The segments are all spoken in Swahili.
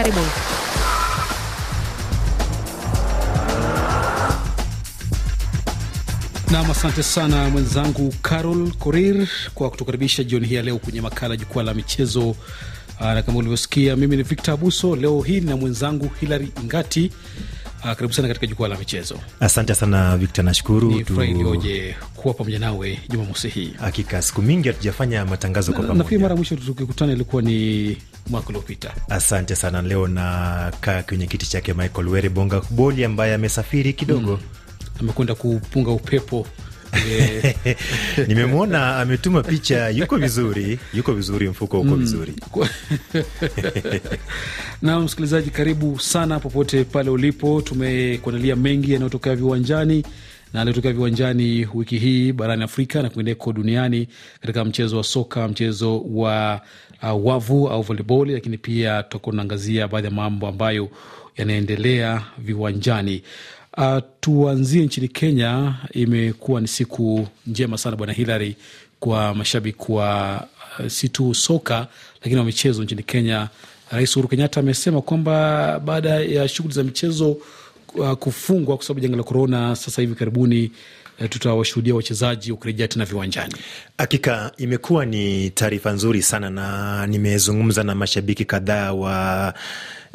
Karibuni. Nam, asante sana mwenzangu Carol Korir kwa kutukaribisha jioni hii ya leo kwenye makala jukwaa la michezo. Ah, na kama ulivyosikia, mimi ni Victor Abuso. Leo hii na mwenzangu Hilary Ngati Ah, karibu sana katika jukwaa la michezo. Asante sana Victor, nashukuru tuoje kuwa pamoja nawe Jumamosi hii. Hakika siku mingi hatujafanya matangazo kwa pamoja, na pia mara mwisho tukikutana ilikuwa ni mwaka uliopita. Asante sana. Leo nakaa kwenye kiti chake Michael Werebonga Boli ambaye amesafiri kidogo, mm, amekwenda kupunga upepo Eh. nimemwona ametuma picha, yuko vizuri, yuko vizuri, mfuko uko mm. vizuri na msikilizaji, karibu sana popote pale ulipo. Tumekuandalia mengi yanayotokea viwanjani na aliyotokea viwanjani wiki hii barani Afrika na kwingineko duniani katika mchezo wa soka, mchezo wa uh, wavu au volleyball, lakini pia tutakuwa tunaangazia baadhi ya mambo ambayo yanaendelea viwanjani. Uh, tuanzie nchini Kenya. Imekuwa ni siku njema sana Bwana Hilary kwa mashabiki wa uh, si tu soka lakini wa michezo nchini Kenya. Rais Uhuru Kenyatta amesema kwamba baada ya shughuli za michezo uh, kufungwa kwa sababu janga la korona, sasa hivi karibuni eh, tutawashuhudia wachezaji wakirejea tena viwanjani. Hakika imekuwa ni taarifa nzuri sana, na nimezungumza na mashabiki kadhaa wa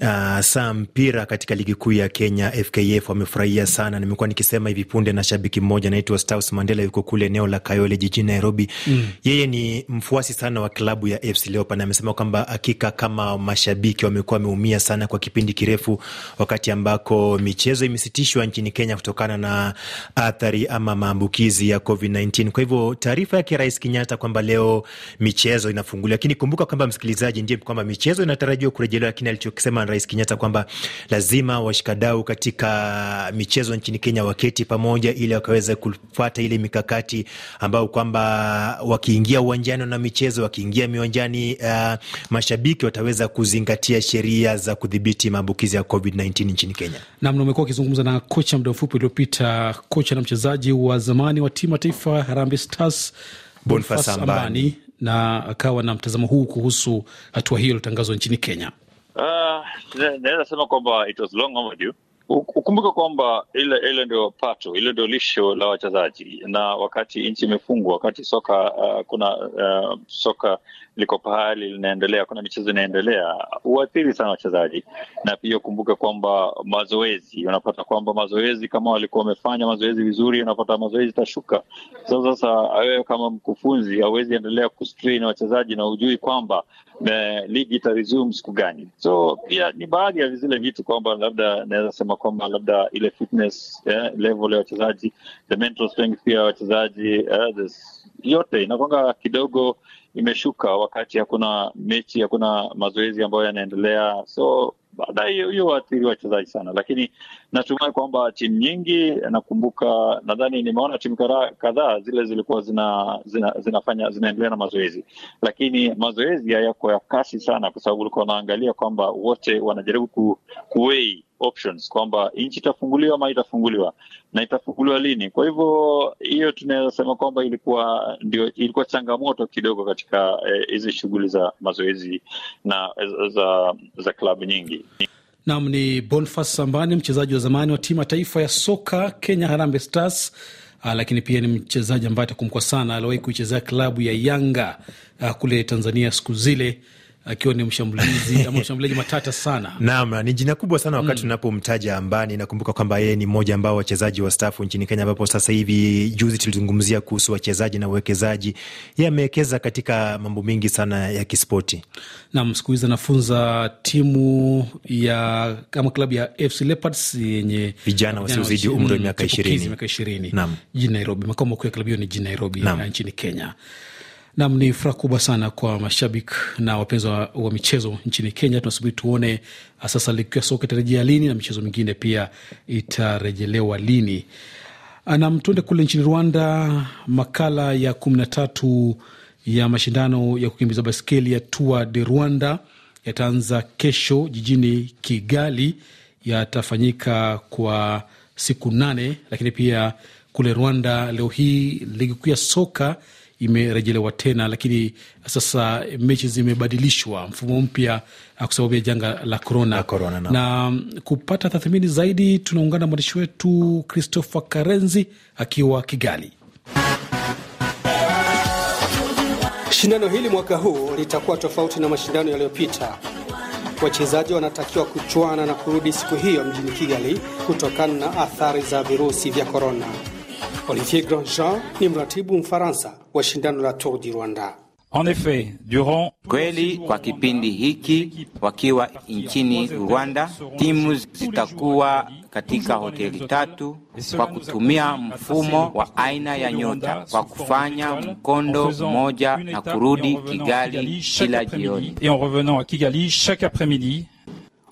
uh, saa mpira katika ligi kuu ya Kenya FKF wamefurahia sana. Nimekuwa nikisema hivi punde na shabiki mmoja anaitwa Staus Mandela, yuko kule eneo la Kayole jijini Nairobi. Mm. Yeye ni mfuasi sana wa klabu ya FC Leopards, amesema kwamba hakika kama mashabiki wamekuwa wameumia sana kwa kipindi kirefu, wakati ambako michezo imesitishwa nchini Kenya kutokana na athari ama maambukizi ya COVID-19. Kwa hivyo taarifa yake Rais Kenyatta kwamba leo michezo inafunguliwa, lakini kumbuka kwamba msikilizaji, ndiye kwamba michezo inatarajiwa kurejelewa, lakini alichokisema Rais Kenyatta kwamba lazima washikadau katika michezo nchini Kenya waketi pamoja ili wakaweze kufuata ile mikakati ambayo kwamba wakiingia uwanjani na michezo, wakiingia miwanjani, uh, mashabiki wataweza kuzingatia sheria za kudhibiti maambukizi ya COVID-19 nchini Kenya. Namna umekuwa ukizungumza na kocha muda mfupi uliopita, kocha na mchezaji wa zamani wa timu ya taifa Harambee Stars Bonface Ambani, na akawa na mtazamo huu kuhusu hatua hiyo iliyotangazwa nchini Kenya. Uh, nella sono kwamba it was long overdue Ukumbuke kwamba ile ile ndio pato, ile ndio lisho la wachezaji, na wakati nchi imefungwa, wakati soka uh, kuna uh, soka liko pahali linaendelea, kuna michezo inaendelea, huathiri sana wachezaji. Na pia ukumbuke kwamba mazoezi, unapata kwamba mazoezi, kama walikuwa wamefanya mazoezi vizuri, unapata mazoezi itashuka. So, sasa wewe kama mkufunzi hawezi endelea ku wachezaji na hujui kwamba eh, ligi itaresume siku gani. So pia ni baadhi ya zile vitu kwamba labda naweza sema kusema kwamba labda ile fitness yeah, level ya wachezaji, the mental strength pia ya wachezaji yeah, this, yote inakwanga kidogo imeshuka wakati hakuna mechi, hakuna mazoezi ambayo yanaendelea so baadaye hiyo waathiri wachezaji sana, lakini natumai kwamba timu nyingi, nakumbuka nadhani nimeona timu kadhaa zile zilikuwa zina, zina, zinafanya zinaendelea na mazoezi, lakini mazoezi hayako ya kasi sana, kwa sababu ulikuwa unaangalia kwamba wote wanajaribu ku, kuwei options kwamba nchi itafunguliwa ama itafunguliwa na itafunguliwa lini. Kwa hivyo hiyo tunaweza sema kwamba ilikuwa ndio ilikuwa changamoto kidogo katika eh, hizi e, shughuli za mazoezi na za, za klabu nyingi. Nam ni Bonfas Sambani, mchezaji wa zamani wa timu ya taifa ya soka Kenya Harambee Stars. Uh, lakini pia ni mchezaji ambaye atakumbukwa sana, aliwahi kuichezea klabu ya Yanga uh, kule Tanzania siku zile akiwa ni mshambulizi ama mshambuliaji matata sana. Naam, ni jina kubwa sana wakati mm, unapomtaja Ambani. Nakumbuka kwamba yeye ni mmoja ambao wachezaji wa wastaafu nchini Kenya, ambapo sasa hivi juzi tulizungumzia kuhusu wachezaji na uwekezaji. Yeye amewekeza katika mambo mengi sana ya kispoti. Naam, siku hizi anafunza timu ya kama klabu ya FC Leopards yenye vijana wasiozidi umri wa miaka ishirini jijini Nairobi. Makao makuu ya klabu hiyo ni jijini Nairobi nchini Kenya. Nam, ni furaha kubwa sana kwa mashabiki na wapenzi wa, wa michezo nchini Kenya. Tunasubiri tuone ah, sasa likiwa soka itarejea lini na michezo mingine pia itarejelewa lini. Ah, nam, tuende kule nchini Rwanda. Makala ya kumi na tatu ya mashindano ya kukimbiza baskeli ya Tour de Rwanda yataanza kesho jijini Kigali, yatafanyika kwa siku nane, lakini pia kule Rwanda leo hii ligi kuu ya soka imerejelewa tena, lakini sasa mechi zimebadilishwa, mfumo mpya kwa sababu ya janga la korona na, na kupata tathmini zaidi tunaungana na mwandishi wetu Christopher Karenzi akiwa Kigali. Shindano hili mwaka huu litakuwa tofauti na mashindano yaliyopita. Wachezaji wanatakiwa kuchuana na kurudi siku hiyo mjini Kigali kutokana na athari za virusi vya korona. Olivier Grandjean ni mratibu Mfaransa wa shindano la Tour du Rwanda. Kweli, kwa kipindi hiki wakiwa nchini Rwanda, timu zitakuwa katika hoteli tatu kwa kutumia mfumo wa aina ya nyota kwa kufanya mkondo mmoja na kurudi Kigali kila jioni.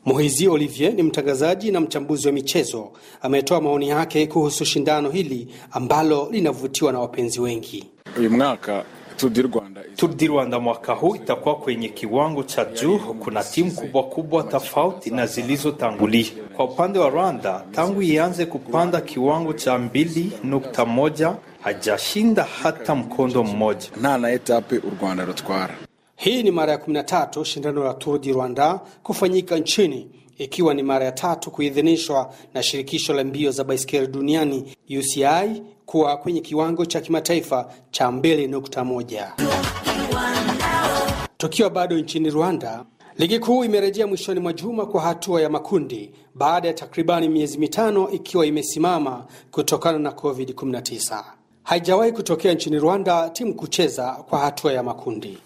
Muhizi Olivier ni mtangazaji na mchambuzi wa michezo, ametoa maoni yake kuhusu shindano hili ambalo linavutiwa na wapenzi wengi. uyu mwaka Tour du Rwanda mwaka huu itakuwa kwenye kiwango cha juu. Kuna timu kubwa kubwa tofauti na zilizotangulia. Kwa upande wa Rwanda, tangu ianze kupanda kiwango cha mbili nukta moja hajashinda hata mkondo mmoja. u Rwanda rutwara hii ni mara ya 13 shindano la Tour du Rwanda kufanyika nchini ikiwa ni mara ya tatu kuidhinishwa na shirikisho la mbio za baiskeli duniani UCI kuwa kwenye kiwango cha kimataifa cha 2.1. Tukiwa bado nchini Rwanda, ligi kuu imerejea mwishoni mwa juma kwa hatua ya makundi baada ya takribani miezi mitano ikiwa imesimama kutokana na COVID-19. Haijawahi kutokea nchini Rwanda timu kucheza kwa hatua ya makundi.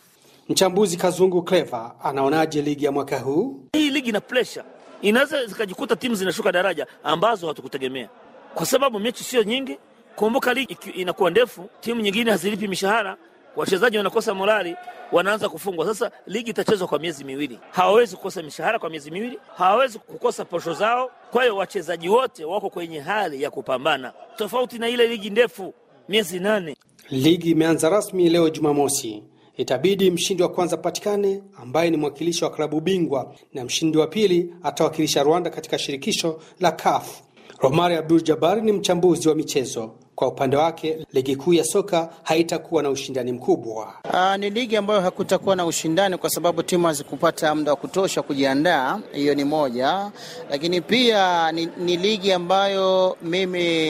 Mchambuzi Kazungu Clever anaonaje ligi ya mwaka huu? Hii ligi ina presha, inaweza zikajikuta timu zinashuka daraja ambazo hatukutegemea, kwa sababu mechi sio nyingi. Kumbuka ligi inakuwa ndefu, timu nyingine hazilipi mishahara, wachezaji wanakosa morali, wanaanza kufungwa. Sasa ligi itachezwa kwa miezi miwili, hawawezi kukosa mishahara kwa miezi miwili, hawawezi kukosa posho zao. Kwa hiyo wachezaji wote wako kwenye hali ya kupambana, tofauti na ile ligi ndefu miezi nane. Ligi imeanza rasmi leo Jumamosi itabidi mshindi wa kwanza patikane ambaye ni mwakilishi wa klabu bingwa na mshindi wa pili atawakilisha Rwanda katika shirikisho la CAF. Romari Abdul Jabari ni mchambuzi wa michezo. Kwa upande wake ligi kuu ya soka haitakuwa na ushindani mkubwa. Aa, ah, ni ligi ambayo hakutakuwa na ushindani kwa sababu timu hazikupata muda wa kutosha kujiandaa. Hiyo ni moja, lakini pia ni, ni ligi ambayo mimi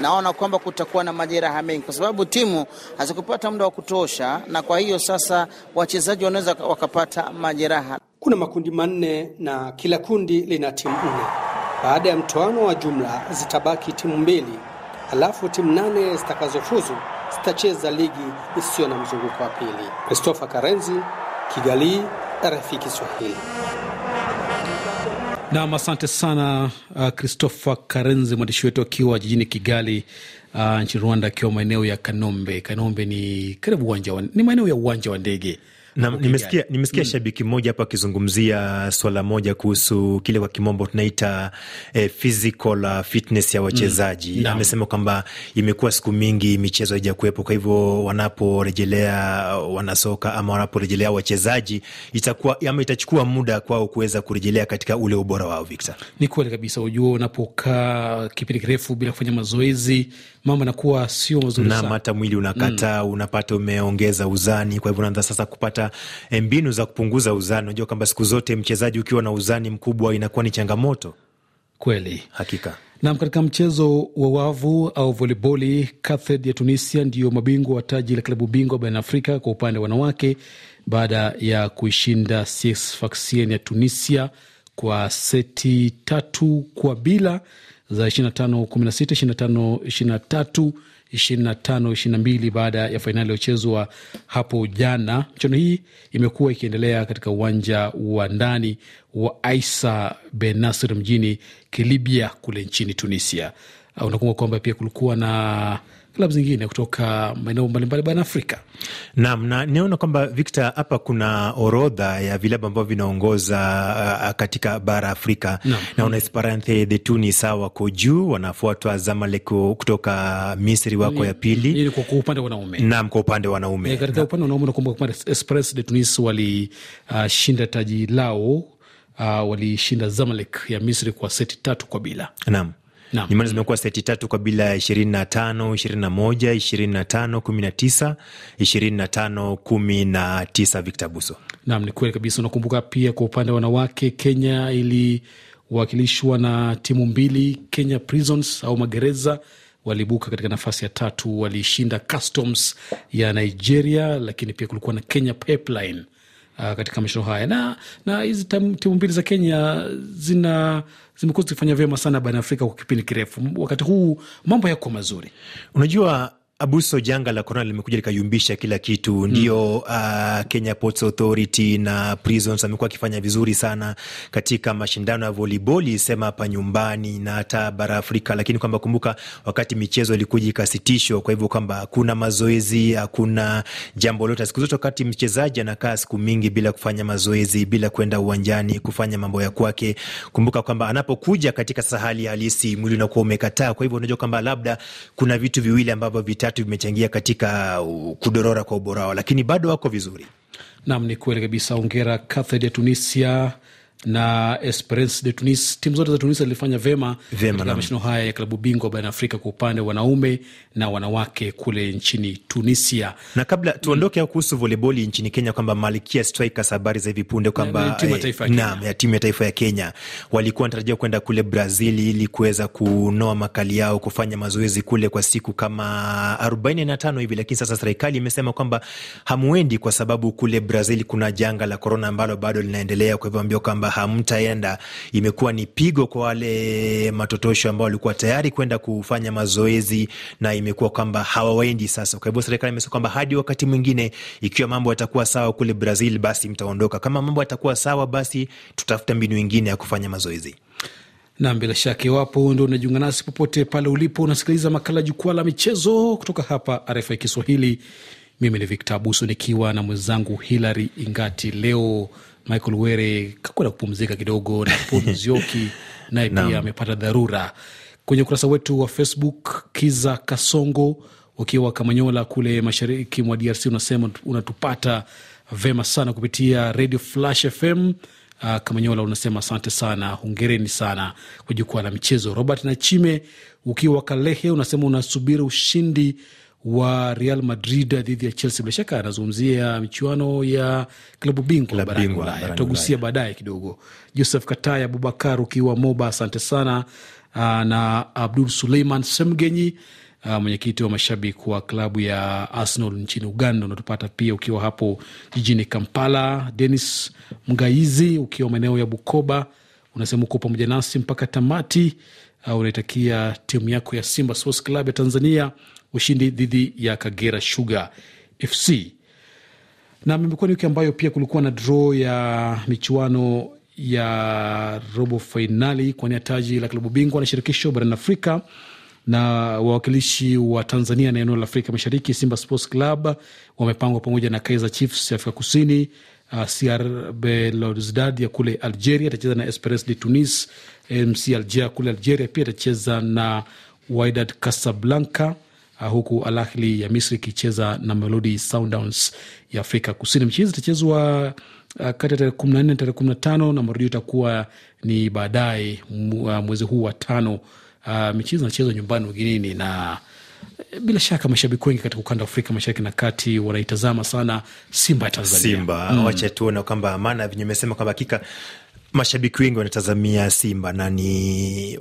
naona kwamba kutakuwa na majeraha mengi, kwa sababu timu hazikupata muda wa kutosha, na kwa hiyo sasa wachezaji wanaweza wakapata majeraha. Kuna makundi manne na kila kundi lina timu nne. Baada ya mtoano wa jumla, zitabaki timu mbili, alafu timu nane zitakazofuzu zitacheza ligi isiyo na mzunguko wa pili. Christopher Karenzi, Kigali, RFI Kiswahili. Nam, asante sana uh, Christopher Karenzi, mwandishi wetu akiwa jijini Kigali uh, nchini Rwanda, akiwa maeneo ya Kanombe. Kanombe ni karibu uwanja, ni maeneo ya uwanja wa ndege Nimesikia nimesikia mm. shabiki mmoja hapo akizungumzia swala moja kuhusu kile kwa kimombo tunaita eh, physical uh, fitness ya mm. wachezaji mm. Amesema kwamba imekuwa siku mingi michezo haija kuwepo, kwa hivyo wanaporejelea uh, wanasoka ama wanaporejelea wachezaji itakuwa ama itachukua muda kwao kuweza kurejelea katika ule ubora wao. Victor, ni kweli kabisa, ujua unapokaa kipindi kirefu bila kufanya mazoezi mambo anakuwa sio mazuri sana, hata mwili unakata mm. unapata umeongeza uzani, kwa hivyo unaanza sasa kupata Eh, mbinu za kupunguza uzani. Unajua kwamba siku zote mchezaji ukiwa na uzani mkubwa inakuwa ni changamoto kweli, hakika. Nam, katika mchezo wa wavu au voleboli, Kathed ya Tunisia ndiyo mabingwa wa taji la klabu bingwa barani Afrika kwa upande wa wanawake baada ya kuishinda Sfaxien ya Tunisia kwa seti tatu kwa bila za 25 16, 25 23 25 22 baada ya fainali iliyochezwa hapo jana. Michuano hii imekuwa ikiendelea katika uwanja wa ndani wa Aisa Benasir mjini Kilibia kule nchini Tunisia. Unakumbuka kwamba pia kulikuwa na klabu zingine kutoka maeneo mbalimbali barani Afrika. Naam, na inaona kwamba Victor, hapa kuna orodha ya vilabu ambavyo vinaongoza uh, katika bara Afrika. Naona Esperance de Tunis wako juu, wanafuatwa Zamalek kutoka Misri wako ni, ya pili kwa upande wa wanaume. Naam, kwa upande wa wanaume eh, katika upande wa wanaume nakumbuka kwamba Esperance de Tunis walishinda uh, taji lao uh, walishinda Zamalek ya Misri kwa seti tatu kwa bila. Naam. Nyumbani zimekuwa seti tatu kwa bila ishirini na tano ishirini na moja ishirini na tano kumi na tisa ishirini na tano kumi na tisa Victor Buso. Naam, ni kweli kabisa. Unakumbuka pia kwa upande wa wanawake, Kenya iliwakilishwa na timu mbili, Kenya Prisons au magereza waliibuka katika nafasi ya tatu, walishinda Customs ya Nigeria, lakini pia kulikuwa na Kenya Pipeline uh, katika mashindano haya na na hizi timu mbili za Kenya zina zimekuwa zikifanya vyema sana barani Afrika kwa kipindi kirefu. Wakati huu mambo yako mazuri, unajua Abuso, janga la korona limekuja likayumbisha kila kitu, mm. ndio. Uh, Kenya Ports Authority na Prisons amekuwa akifanya vizuri sana katika mashindano ya voliboli, sema hapa nyumbani na hata bara Afrika, lakini kwamba kumbuka, wakati michezo ilikuja ikasitishwa, kwa hivyo kwamba hakuna mazoezi, hakuna jambo lote. Siku zote wakati mchezaji anakaa siku mingi bila kufanya mazoezi, bila kwenda uwanjani kufanya mambo ya kwake, kumbuka kwamba anapokuja katika sasa hali halisi, mwili unakuwa umekataa. Kwa hivyo unajua kwamba labda kuna vitu viwili ambavyo vita vitatu vimechangia katika uh, kudorora kwa ubora wao, lakini bado wako vizuri. Nam, ni kweli kabisa. Ongera Kathed ya Tunisia na Esperance de Tunis. Timu zote za Tunisia zilifanya vema katika mashindano haya ya klabu bingwa barani Afrika kwa upande wa wanaume na wanawake kule nchini Tunisia. Na kabla mm. tuondoke mm, kuhusu voleboli nchini Kenya, kwamba Malkia Strikers, habari za hivi punde kwamba eh, naam, ya timu ya taifa ya Kenya walikuwa wanatarajia kwenda kule Brazili ili kuweza kunoa makali yao, kufanya mazoezi kule kwa siku kama 45 hivi, lakini sasa serikali imesema kwamba hamuendi kwa sababu kule Brazil kuna janga la korona ambalo bado linaendelea, kwa hivyo ambio kwamba kwamba hamtaenda, imekuwa ni pigo kwa wale matotosho ambao walikuwa tayari kwenda kufanya mazoezi na imekuwa kwamba hawawaendi sasa. Kwa hivyo serikali imesema kwamba hadi wakati mwingine, ikiwa mambo yatakuwa sawa kule Brazil, basi mtaondoka. Kama mambo yatakuwa sawa, basi tutafuta mbinu ingine ya kufanya mazoezi. Na bila shaka, iwapo ndo unajiunga nasi, popote pale ulipo unasikiliza makala Jukwaa la Michezo kutoka hapa RFI Kiswahili. Mimi ni Victor Abuso nikiwa na mwenzangu Hilary Ingati. Leo Michael Were kakwenda kupumzika kidogo na Paul naye pia amepata dharura. Kwenye ukurasa wetu wa Facebook, Kiza Kasongo ukiwa Kamanyola kule mashariki mwa DRC unasema unatupata vema sana kupitia Radio Flash FM. Uh, ah, Kamanyola unasema asante sana, hongereni sana kwa jukwaa la michezo. Robert Nachime ukiwa Kalehe unasema unasubiri ushindi wa Real Madrid dhidi ya Chelsea. Bila shaka anazungumzia michuano ya klabu bingwa barani Ulaya, tutagusia baadaye kidogo. Josef Katai, Abubakar ukiwa Moba, asante sana ah, na Abdul Suleiman Semgenyi, ah, mwenyekiti wa mashabiki wa klabu ya Arsenal nchini Uganda, unatupata pia ukiwa hapo jijini Kampala. Denis Mgaizi ukiwa maeneo ya Bukoba, unasema uko pamoja nasi mpaka tamati. Ah, unaitakia timu yako ya Simba Sports Club ya Tanzania ushindi dhidi ya Kagera Sugar FC na imekuwa ni wiki ambayo pia kulikuwa na draw ya michuano ya robo fainali kuwania taji la klabu bingwa na shirikisho barani Afrika na wawakilishi wa Tanzania na eneo la Afrika Mashariki, Simba Sports Club wamepangwa pamoja na Kaizer Chiefs ya Afrika Kusini. Uh, CR Belouizdad ya kule Algeria itacheza na Esperance de Tunis. MC Alger kule Algeria pia itacheza na Wydad Casablanca. Ah, huku Al Ahly ya Misri ikicheza na Mamelodi Sundowns ya Afrika Kusini. Mchezo itachezwa ah, kati ya tarehe kumi na nne na tarehe kumi na tano na marudio itakuwa ni baadaye ah, mwezi huu wa tano. Uh, michezo inachezwa nyumbani ugenini na eh, bila shaka mashabiki wengi katika ukanda wa Afrika Mashariki na Kati wanaitazama sana Simba ya Tanzania. Simba mm. wacha tuona kwamba maana vinyemesema kwamba hakika mashabiki wengi wanatazamia Simba na ni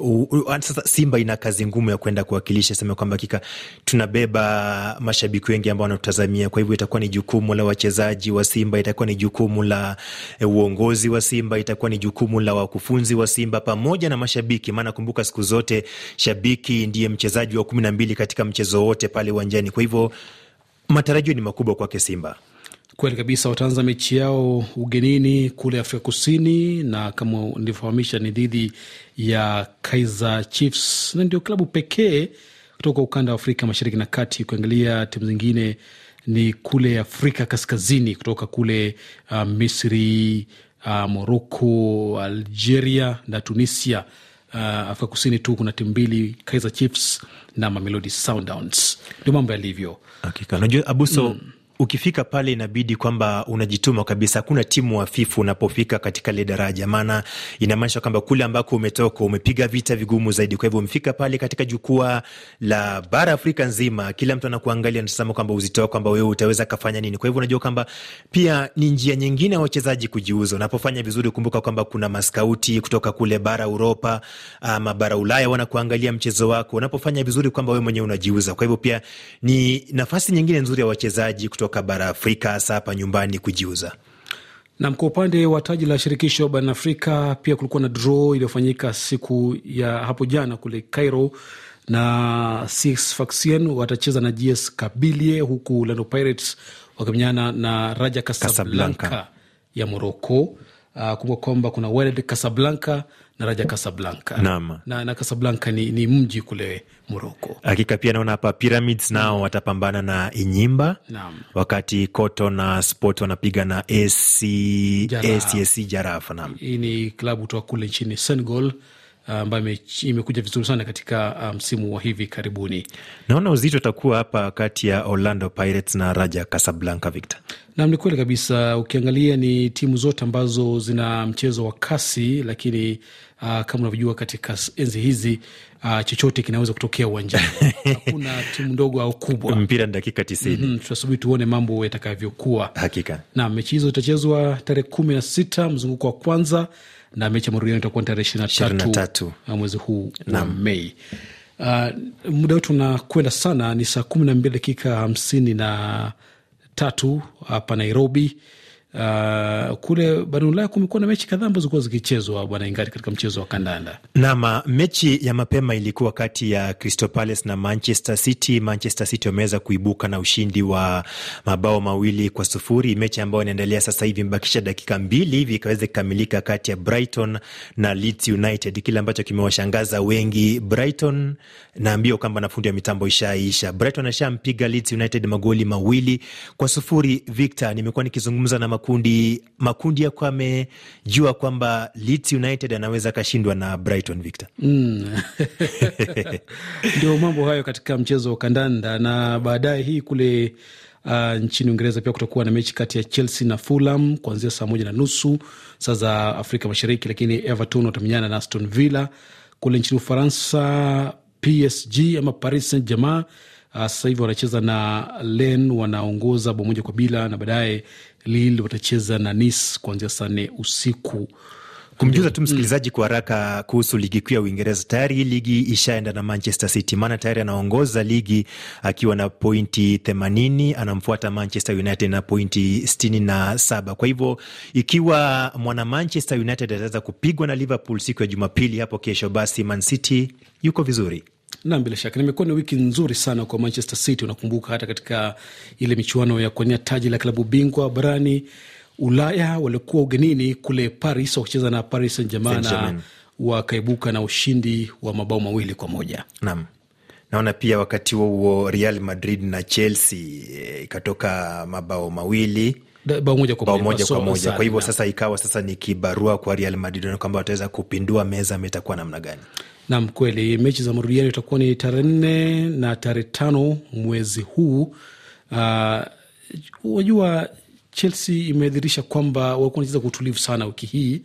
sasa, Simba ina kazi ngumu ya kwenda kuwakilisha, sema kwamba hakika tunabeba mashabiki wengi ambao wanatutazamia. Kwa hivyo itakuwa ni jukumu la wachezaji wa Simba, itakuwa ni jukumu la e, uongozi wa Simba, itakuwa ni jukumu la wakufunzi wa Simba pamoja na mashabiki, maana kumbuka, siku zote shabiki ndiye mchezaji wa kumi na mbili katika mchezo wote pale uwanjani. Kwa hivyo matarajio ni makubwa kwake Simba. Kweli kabisa, wataanza mechi yao ugenini kule Afrika Kusini, na kama nilivyofahamisha ni dhidi ya Kaizer Chiefs, na ndio klabu pekee kutoka ukanda wa Afrika Mashariki na Kati. Ukiangalia timu zingine ni kule Afrika Kaskazini, kutoka kule uh, Misri, uh, Moroko, Algeria na Tunisia. Uh, Afrika Kusini tu kuna timu mbili, Kaizer Chiefs na Mamelodi Sundowns. Ndio mambo yalivyo. Hakika najua Abuso mm. Ukifika pale inabidi kwamba unajituma kabisa, hakuna timu hafifu unapofika katika ile daraja, maana inamaanisha kwamba kule ambako umetoka umepiga vita vigumu zaidi. Kwa hivyo umefika pale katika jukwaa la bara Afrika nzima, kila mtu anakuangalia, anatazama kwamba uzito wako, kwamba wewe utaweza kafanya nini. Kwa hivyo unajua kwamba pia ni njia nyingine ya wachezaji kujiuza. Unapofanya vizuri, kumbuka kwamba kuna maskauti kutoka kule bara Uropa ama bara Ulaya wanakuangalia mchezo wako, unapofanya vizuri kwamba wewe mwenyewe unajiuza. Kwa hivyo pia ni nafasi nyingine nzuri ya wachezaji kutoka kutoka bara Afrika, hasa hapa nyumbani kujiuza. Nam, kwa upande wa taji la shirikisho barani Afrika pia kulikuwa na draw iliyofanyika siku ya hapo jana kule Cairo, na Sfaxien watacheza na GS Kabylie huku Orlando Pirates wakimenyana na Raja Casablanca, Casablanca ya Moroko. Uh, ah, kumbuka kwamba kuna Wydad Casablanca na Raja Casablanca Na, na Kasablanka ni, ni mji kule Moroko. Hakika pia naona hapa Pyramids nao watapambana na Inyimba Nama. wakati Koto na Sport wanapiga na AC, Jaraaf. Naam, hii ni klabu toa kule nchini Senegal Uh, ambayo imekuja vizuri sana katika uh, msimu um, wa hivi karibuni. Naona uzito utakuwa hapa kati ya Orlando Pirates na Raja Casablanca, Victor. Nam, ni kweli kabisa. Ukiangalia ni timu zote ambazo zina mchezo wa kasi, lakini uh, kama unavyojua katika enzi hizi uh, chochote kinaweza kutokea uwanjani. Hakuna timu ndogo au kubwa, mpira ni dakika tisini. Mm-hmm, tutasubiri tuone mambo yatakavyokuwa. Hakika nam, mechi hizo zitachezwa tarehe kumi na sita mzunguko wa kwanza na mechi ya marudiano itakuwa tarehe ishirini na tatu mwezi huu wa Mei. Uh, muda wetu unakwenda sana, ni saa kumi na mbili dakika hamsini na tatu hapa Nairobi. Uh, kule barani Ulaya kumekuwa na mechi kadhaa ambazo zilikuwa zikichezwa bwana Ingari, katika mchezo wa kandanda. Naam, uh, mechi ya mapema ilikuwa kati ya Crystal Palace na Manchester City. Manchester City wameweza kuibuka na ushindi wa mabao mawili kwa sufuri, mechi ambayo inaendelea sasa hivi, imebakisha dakika mbili hivi ikaweza kukamilika, kati ya Brighton na Leeds United. Kile ambacho kimewashangaza wengi, Brighton naambiwa kwamba na fundi wa mitambo ishaisha, Brighton ashampiga Leeds United magoli mawili kwa sufuri. Victor, nimekuwa nikizungumza na makundi makundi yako amejua kwamba Leeds United anaweza akashindwa na Brighton Victor. Mm. mambo hayo katika mchezo wa kandanda, na baadaye hii kule Uh, nchini Uingereza pia kutakuwa na mechi kati ya Chelsea na Fulham kuanzia saa moja na nusu saa za Afrika Mashariki, lakini Everton watamenyana na Aston Villa. Kule nchini Ufaransa, PSG ama Paris Saint Germain uh, sasa hivi wanacheza na Lens, wanaongoza bao moja kwa bila, na baadaye Lille watacheza na Nice kuanzia saa nne usiku. Kumjuza tu msikilizaji kwa haraka kuhusu ligi kuu ya Uingereza, tayari hii ligi ishaenda na Manchester City, maana tayari anaongoza ligi akiwa na pointi 80, anamfuata Manchester United na pointi 67. saba. Kwa hivyo ikiwa mwana Manchester United ataweza kupigwa na Liverpool siku ya Jumapili hapo kesho, basi Man City yuko vizuri. Nam, bila shaka nimekuwa ni wiki nzuri sana kwa Manchester City. Unakumbuka hata katika ile michuano ya kuania taji la klabu bingwa barani Ulaya waliokuwa ugenini kule Paris wakicheza na Paris Saint Germain na wakaibuka na ushindi wa mabao mawili kwa moja. Nam, naona pia wakati huo huo Real Madrid na Chelsea eh, ikatoka mabao mawili bao moja kwa moja kwa moja. Kwa hivyo sasa ikawa sasa ni kibarua kwa Real Madrid kwamba wataweza kupindua meza ama itakuwa namna gani? Nam, kweli mechi za marudiano itakuwa ni tarehe nne na tarehe tano mwezi huu. Ah, wajua uh, Chelsea imedhirisha kwamba walikuwa wanacheza kwa utulivu sana wiki hii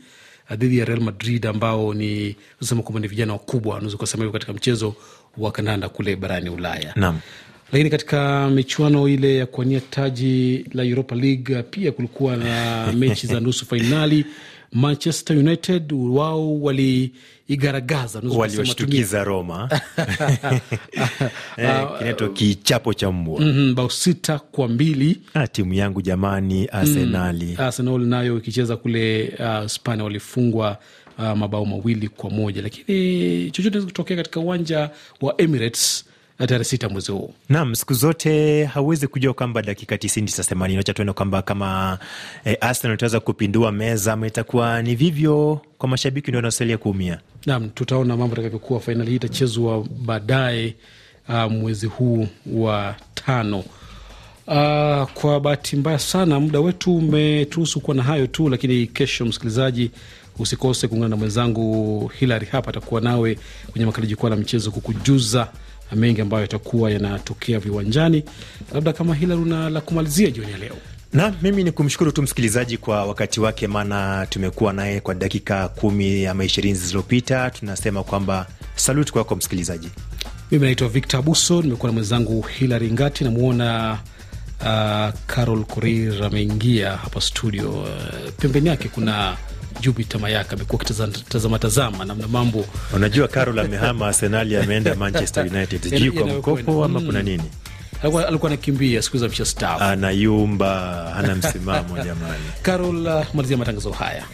ah, dhidi ya Real Madrid ambao ni sema kwamba ni vijana wakubwa, naweza kusema hivyo katika mchezo wa kandanda kule barani Ulaya. Naam. Lakini katika michuano ile ya kuwania taji la Europa League ah, pia kulikuwa na mechi za nusu fainali Manchester United wao waliigaragaza, waliwashtukiza Roma eh, ah, kinaitwa kichapo cha mbwa mm -hmm, bao sita kwa mbili. Ah, timu yangu jamani, Arsenali mm, Arsenal nayo ikicheza kule Hispania ah, uh, walifungwa uh, mabao mawili kwa moja, lakini chochote kutokea katika uwanja wa Emirates tarehe sita mwezi huu. Naam, siku zote hauwezi kujua kwamba dakika tisini sa themanini wacha tuene kwamba kama e, Arsenal itaweza kupindua meza ama itakuwa ni vivyo kwa mashabiki ndio wanaosalia kuumia. Naam, tutaona mambo atakavyokuwa. Fainali hii itachezwa baadaye uh, mwezi huu wa tano. Uh, kwa bahati mbaya sana muda wetu umeturuhusu kuwa na hayo tu, lakini kesho, msikilizaji, usikose kuungana na mwenzangu Hilary hapa atakuwa nawe kwenye makala Jukwaa la Michezo kukujuza mengi ambayo yatakuwa yanatokea viwanjani. Labda kama hila una la kumalizia jioni ya leo? Na mimi ni kumshukuru tu msikilizaji kwa wakati wake, maana tumekuwa naye kwa dakika kumi ama ishirini zilizopita. Tunasema kwamba saluti kwako msikilizaji. Mimi naitwa Victor Abuso, nimekuwa na mwenzangu Hilary Ngati, namwona uh, Carol Korir ameingia hapa studio. Uh, pembeni yake kuna Jupita Mayaka amekuwa akitazama tazama namna mambo. Unajua, Carol amehama Arsenal, ameenda Manchester United, sijui kwa mkopo ama kuna mm. nini alikuwa anakimbia siku za mshastaafu, anayumba hana msimamo jamani. Carol, uh, malizia matangazo haya.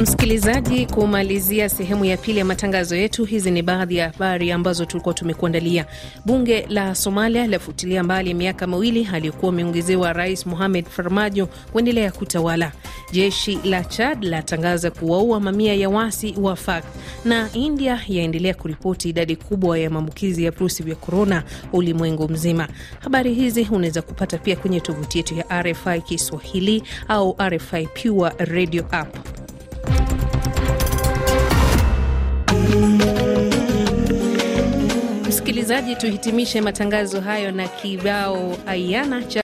Msikilizaji, kumalizia sehemu ya pili ya matangazo yetu, hizi ni baadhi ya habari ambazo tulikuwa tumekuandalia. Bunge la Somalia lafutilia mbali miaka miwili aliyokuwa ameongezewa Rais Mohamed Farmajo kuendelea kutawala. Jeshi la Chad latangaza kuwaua mamia ya wasi wa FARC, na India yaendelea kuripoti idadi kubwa ya maambukizi ya virusi vya korona ulimwengu mzima. Habari hizi unaweza kupata pia kwenye tovuti yetu ya RFI Kiswahili au RFI Pure Radio app. Msikilizaji, tuhitimishe matangazo hayo na kibao aiana cha